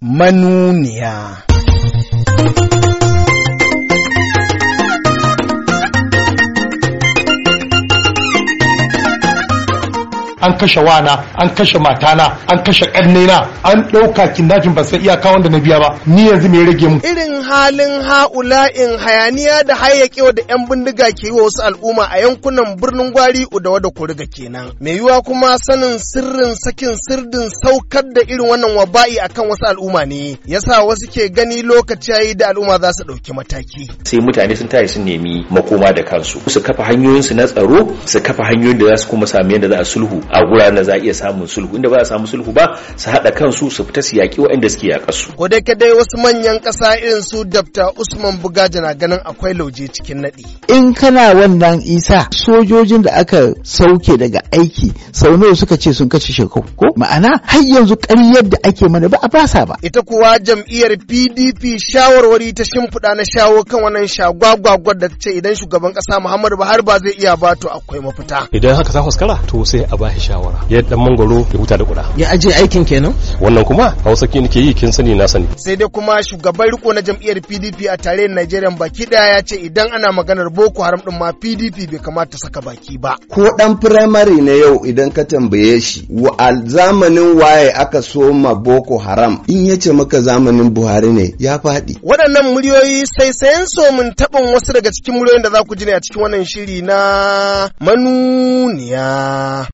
manuniya. an kashe wana an kashe matana an kashe karnena an ɗauka kinnafin ba sai iyaka wanda na biya ba ni yanzu me rage mu irin halin ha'ula in hayaniya da hayyakewa da yan bindiga ke yi wa wasu al'umma a yankunan birnin gwari udawa da kuriga kenan mai yiwuwa kuma sanin sirrin sakin sirdin saukar da irin wannan waba'i akan wasu al'umma ne yasa wasu ke gani lokaci yayi da al'umma za su ɗauki mataki sai mutane sun tashi sun nemi makoma da kansu su kafa hanyoyin na tsaro su kafa hanyoyin da za su kuma sami yadda za a sulhu a guraren da za a iya samun sulhu inda ba a samu sulhu ba su haɗa kansu su fita su yaƙi waɗanda suke yaƙa su. Ko dai kadai wasu manyan ƙasa irin su dabta Usman Bugaja na ganin akwai lauje cikin naɗi. In kana wannan isa sojojin da aka sauke daga aiki sau nawa suka ce sun kashe shekau ko ma'ana har yanzu ƙaryar da ake mana ba a basa ba. Ita kuwa jam'iyyar PDP shawarwari ta shimfiɗa na shawo kan wannan shagwagwagwar da ta ce idan shugaban ƙasa Muhammadu Buhari ba zai iya ba to akwai mafita. Idan haka ta fuskara to sai a bashi bashi shawara ya dan mangoro ya huta da kuda ya aje aikin kenan wannan kuma hausa ke nake yi kin sani na sani sai dai kuma shugaban riko na jam'iyyar PDP a tare Najeriya baki daya ya ce idan ana maganar Boko Haram din ma PDP bai kamata saka baki ba ko dan firamare na yau idan ka tambaye shi wa zamanin waye aka so ma Boko Haram in ya ce maka zamanin Buhari ne ya faɗi waɗannan muryoyi sai sayan mun taɓin wasu daga cikin muryoyin da za ku ji ne a cikin wannan shiri na manuniya.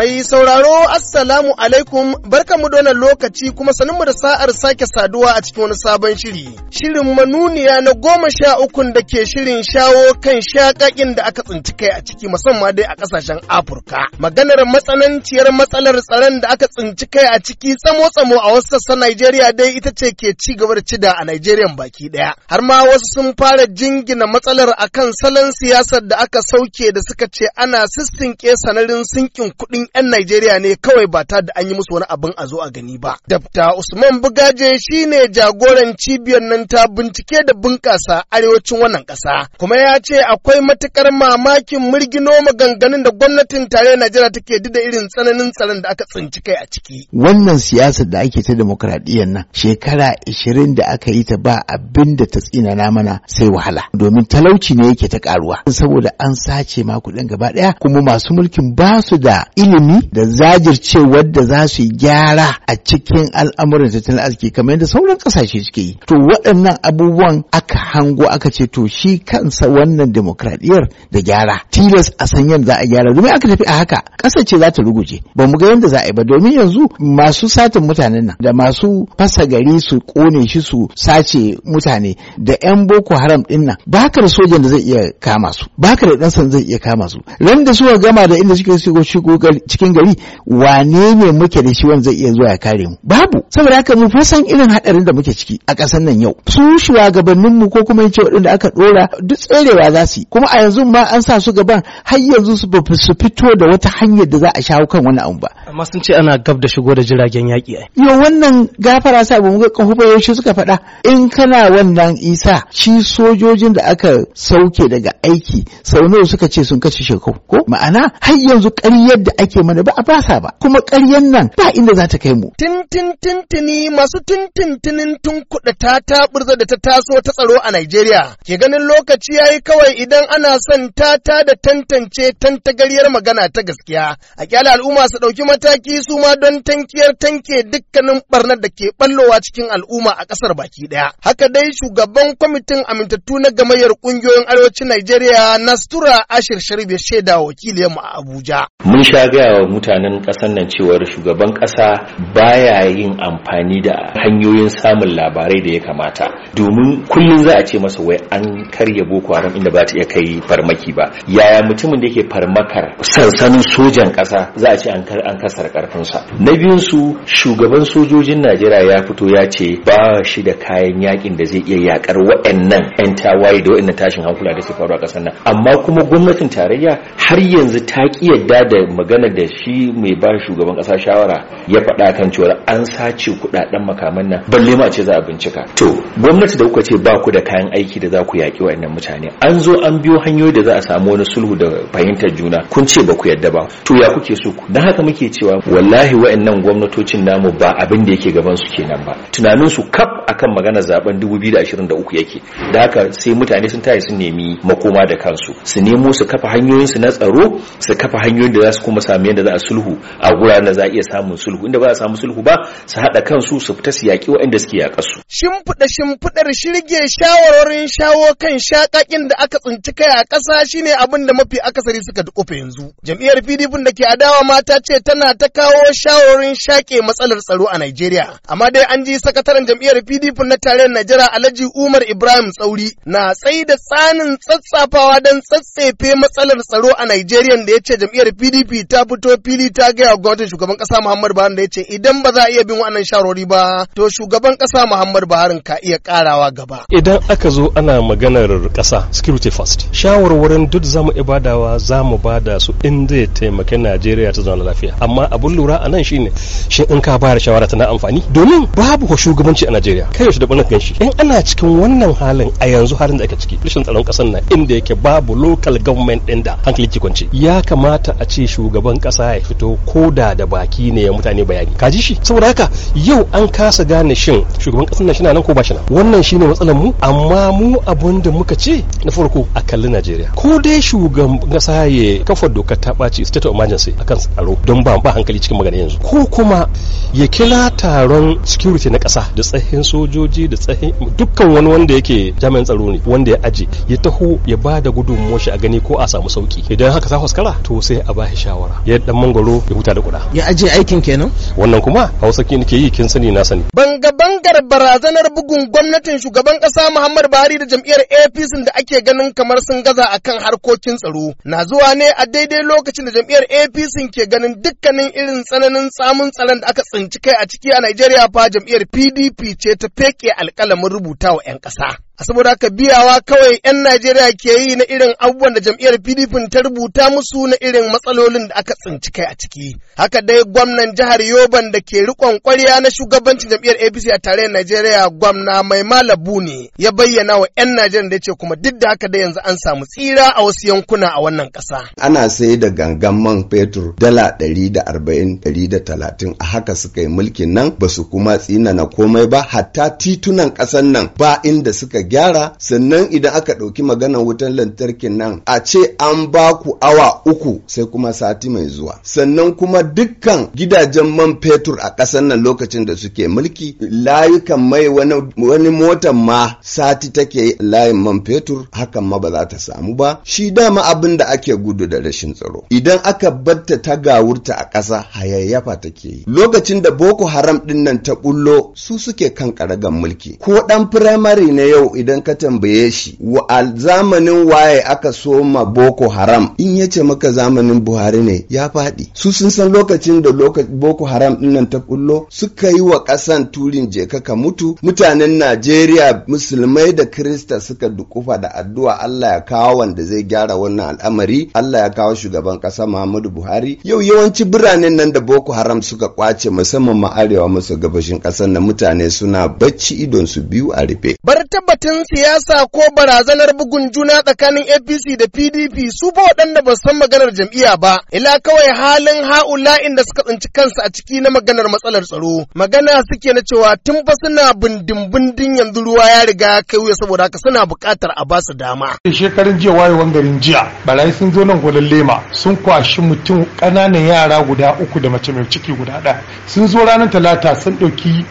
Mai sauraro Assalamu alaikum barkamu da wannan lokaci kuma sanin da sa'ar sake saduwa a cikin wani sabon shiri. Shirin manuniya na goma sha ukun da ke shirin shawo kan shaƙaƙin da aka tsinci kai a ciki musamman dai a ƙasashen Afirka. Maganar matsananciyar matsalar tsaron da aka tsinci kai a ciki tsamo-tsamo a wasu sassan Najeriya dai ita ce ke ci gaba da cida a Najeriya baki ɗaya. Har ma wasu sun fara jingina matsalar akan salon siyasar da aka sauke da suka ce ana sissinke sanarin sinkin kuɗin 'yan Najeriya ne kawai ba ta da an yi musu wani abin a zo a gani ba. Dabta Usman Bugaje shi ne jagoran cibiyar nan ta bincike da bunƙasa arewacin wannan ƙasa. Kuma ya ce akwai matuƙar mamakin murgino maganganun da gwamnatin tare Najeriya take duk da irin tsananin tsaron da aka tsinci kai a ciki. Wannan siyasar da ake ta demokradiyyar nan shekara ishirin da aka yi ta ba abin da ta tsinana mana sai wahala. Domin talauci ne yake ta karuwa. Saboda an sace ma kuɗin gaba ɗaya kuma masu mulkin ba su da ilimi ilimi da zajircewar da za su gyara a cikin al'amuran tattalin arziki kamar yadda sauran kasashe suke yi to waɗannan abubuwan aka hango aka ce to shi kansa wannan demokradiyyar da gyara tilas a san yadda za a gyara domin aka tafi a haka ƙasa ce za ta ruguje ba mu ga yadda za a yi ba domin yanzu masu satin mutanen nan da masu fasa gari su kone shi su sace mutane da 'yan boko haram ɗin nan ba ka da sojan da zai iya kama su ba ka da ɗan zai iya kama su ran da suka gama da inda suke shigo shigo cikin gari wane ne muke da shi wanda zai iya zuwa ya kare mu babu saboda haka mu fa san irin hadarin da muke ciki a ƙasar nan yau su shugabannin mu ko kuma yace waɗanda aka dora duk tserewa za su yi kuma a yanzu ma an sa su gaban har yanzu su ba su fito da wata hanyar da za a shawo kan wani abu ba amma sun ce ana gab da shigo da jiragen yaƙi ai yo wannan gafara sa ba mu ga kahu yaushe suka faɗa in kana wannan isa shi sojojin da aka sauke daga aiki sau nawa suka ce sun kashe shekau ko ma'ana har yanzu ƙaryar da ake ake mana ba a basa ba kuma ƙaryan nan ba inda za ta kai mu tintin tintini masu tintintinin tun kuɗa ta taɓurza da ta taso ta tsaro a Najeriya ke ganin lokaci yayi kawai idan ana son ta ta da tantance tantagaryar magana ta gaskiya a kyala al'umma su ɗauki mataki su ma don tankiyar tanke dukkanin barnar da ke ɓallowa cikin al'umma a ƙasar baki ɗaya haka dai shugaban kwamitin amintattu na gamayyar ƙungiyoyin arewacin Najeriya Nastura Ashir Sharif ya shaida wakiliyarmu a Abuja mun sha gaya wa mutanen ƙasar nan cewar shugaban kasa baya yin amfani da hanyoyin samun labarai da ya kamata domin kullum za a ce masa wai an karya boko haram inda ba ta iya kai farmaki ba yaya mutumin da yake farmakar sansanin sojan kasa za a ce an an kasar ƙarfinsa na biyun su shugaban sojojin najeriya ya fito ya ce ba shi da kayan yakin da zai iya yakar waɗannan 'yan tawaye da waɗannan tashin hankula da ke faru a ƙasar nan amma kuma gwamnatin tarayya har yanzu ta ƙi yadda da magana da shi mai ba shugaban kasa shawara ya faɗa kan cewa an sace kuɗaɗen makaman nan balle ma ce za a bincika to gwamnati da kuka ce ba ku da kayan aiki da za ku yaƙi ɗan mutane an zo an biyo hanyoyi da za a samu wani sulhu da fahimtar juna kun ce ba ku yadda ba to ya kuke so ku dan haka muke cewa wallahi wa'annan gwamnatocin namu ba abin da yake gaban su kenan ba tunanin su kaf akan magana zaben 2023 yake da haka sai mutane sun tayi sun nemi makoma da kansu su nemo su kafa hanyoyin su na tsaro su kafa hanyoyin da za su kuma sa samu yadda za a sulhu a wuraren da za a iya samun sulhu inda ba a samu sulhu ba su haɗa kansu su fita su yaƙi waɗanda suke yaƙa su. Shimfiɗa shimfiɗar shirge shawarwarin shawo kan shaƙaƙin da aka tsinci kai a ƙasa shine abin da mafi akasari suka dukufa yanzu. Jam'iyyar PDP da ke adawa mata ce tana ta kawo shawarwarin shaƙe matsalar tsaro a Najeriya. Amma dai an ji sakataren jam'iyyar PDP na tarayyar Najeriya Alhaji Umar Ibrahim Tsauri na tsayi da tsanin tsatsafawa don tsatsefe matsalar tsaro a Najeriya da ya ce jam'iyyar PDP ta fito fili ta gaya gwamnatin shugaban kasa Muhammadu Buhari da ya ce idan ba za a iya bin wannan shawarwari ba to shugaban kasa Muhammadu Buhari ka iya karawa gaba. Idan aka zo ana maganar kasa security first shawarwarin duk zamu ibadawa zamu bada su in zai taimaki Najeriya ta zauna lafiya amma abun lura a nan shine shin in ka bayar shawara tana amfani domin babu ko shugabanci a Najeriya kai yaushe da bana kan shi in ana cikin wannan halin a yanzu halin da ake ciki rashin tsaron kasar nan inda yake babu local government din da hankali ke kwance ya kamata a ce shugaban kasa ya fito ko da da baki ne ya mutane bayani ka ji shi saboda haka yau an kasa gane shin shugaban kasar na shina nan ko ba shina wannan shine matsalar mu amma mu abun da muka ce na farko a kalli Najeriya ko dai shugaban kasa ya kafa doka ta ɓaci state of emergency akan tsaro don ba ba hankali cikin magana yanzu ko kuma ya kila taron security na kasa da tsahin sojoji da tsahin dukkan wani wanda yake jami'an tsaro ne wanda ya aje ya taho ya ba da gudunmuwar shi a gani ko a samu sauki idan haka ta fuskara to sai a ba shi shawara ya dan mangoro ya huta da kuda ya aje aikin kenan wannan kuma hausa kin ke yi kin sani na sani banga bangar barazanar bugun gwamnatin shugaban kasa Muhammad Buhari da jam'iyyar APC da ake ganin kamar sun gaza akan harkokin tsaro na zuwa ne a daidai lokacin da jam'iyyar APC ke ganin dukkanin irin tsananin tsamun tsaron da aka tsinci kai a ciki a Najeriya fa jam'iyyar PDP ce ta feke alƙalamin rubuta wa 'yan ƙasa. saboda haka biyawa kawai 'yan Najeriya ke yi na irin abubuwan da jam'iyyar PDP ta rubuta musu na irin matsalolin da aka tsinci kai a ciki. Haka dai gwamnan jihar Yoban da ke riƙon ƙwarya na shugabancin jam'iyyar APC a tare Najeriya gwamna mai malabu ne ya bayyana wa 'yan Najeriya da ce kuma duk da haka dai yanzu an samu tsira a wasu yankuna a wannan ƙasa. Ana sai da gangan man fetur dala ɗari da arba'in ɗari da talatin a haka suka yi mulkin nan ba su kuma tsinana komai ba hatta titunan ƙasan nan ba inda suka gyara sannan idan aka ɗauki maganar wutan lantarkin nan a ce an ba ku awa uku sai kuma sati mai zuwa sannan kuma dukkan gidajen man fetur a ƙasar nan lokacin da suke mulki layukan mai wani motan ma sati take layin man fetur hakan ma ba za ta samu ba shi dama abin da ake gudu da rashin tsaro idan aka batta ta gawurta a ƙasa hayayyafa take yi lokacin da boko haram ɗin nan ta bullo su suke kan ƙaragan mulki ko ɗan firamare ne yau idan ka tambaye shi wa a zamanin waye aka so ma boko haram in ya ce maka zamanin buhari ne ya faɗi su sun san lokacin da boko haram dinnan ta kullo suka yi wa ƙasan turin je ka mutu mutanen najeriya musulmai da krista suka dukufa da addu'a allah ya kawo wanda zai gyara wannan al'amari allah ya kawo shugaban ƙasa muhammadu buhari yau yawanci biranen nan da boko haram suka kwace musamman ma arewa maso gabashin ƙasar na mutane suna bacci idon su biyu a rufe bar tabbatar rikicin siyasa ko barazanar bugun juna tsakanin APC da PDP su ba waɗanda ba san maganar jam'iyya ba, ila kawai halin ha'ula da suka tsinci kansu a ciki na maganar matsalar tsaro. Magana suke na cewa tun ba suna bindin-bindin yanzu ruwa ya riga ya kai wuya saboda haka suna buƙatar a basu su dama. Shekarun jiya wayewan garin jiya, barayi sun zo nan gwalan lema sun kwashi mutum ƙananan yara guda uku da mace mai ciki guda ɗaya. Sun zo ranar talata sun ɗauki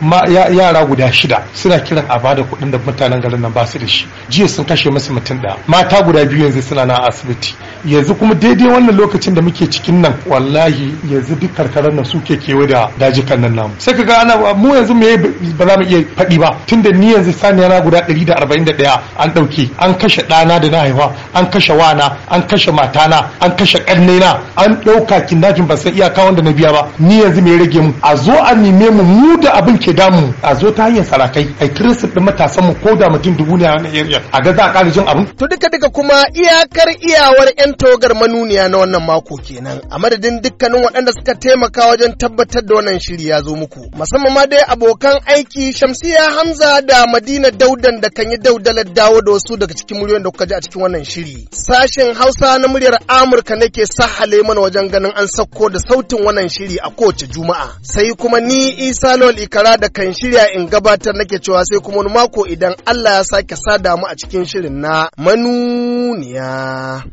yara guda shida suna kiran a bada kuɗin da mutanen garin kuɗin ba su da shi jiya sun kashe masa mutum ɗaya mata guda biyu yanzu suna na asibiti yanzu kuma daidai wannan lokacin da muke cikin nan wallahi yanzu duk karkarar nan suke kewa da dajikan nan namu sai kaga ana mu yanzu me ba za mu iya faɗi ba tunda ni yanzu saniya na guda 141 an ɗauke an kashe ɗana da na haifa an kashe wana an kashe matana an kashe na an ɗauka kindafin ba san iyaka wanda na biya ba ni yanzu me rage mu a zo a neme mu mu da abin ke damu a zo ta hanyar sarakai ai kiristin matasan mu ko da mutum mutum dubu ne a wannan area a ga za a ƙara jin abin. To duka duka kuma iyakar iyawar 'yan togar manuniya na wannan mako kenan a madadin dukkanin waɗanda suka taimaka wajen tabbatar da wannan shiri ya zo muku musamman ma dai abokan aiki Shamsiya Hamza da Madina Daudan da kan yi daudalar dawo da wasu daga cikin muryoyin da kuka ji a cikin wannan shiri. Sashen Hausa na muryar Amurka ke sahale mana wajen ganin an sauko da sautin wannan shiri a kowace Juma'a. Sai kuma ni Isa Lawal Ikara da kan shirya in gabatar nake cewa sai kuma wani mako idan Allah sake sada mu a cikin shirin na manuniya.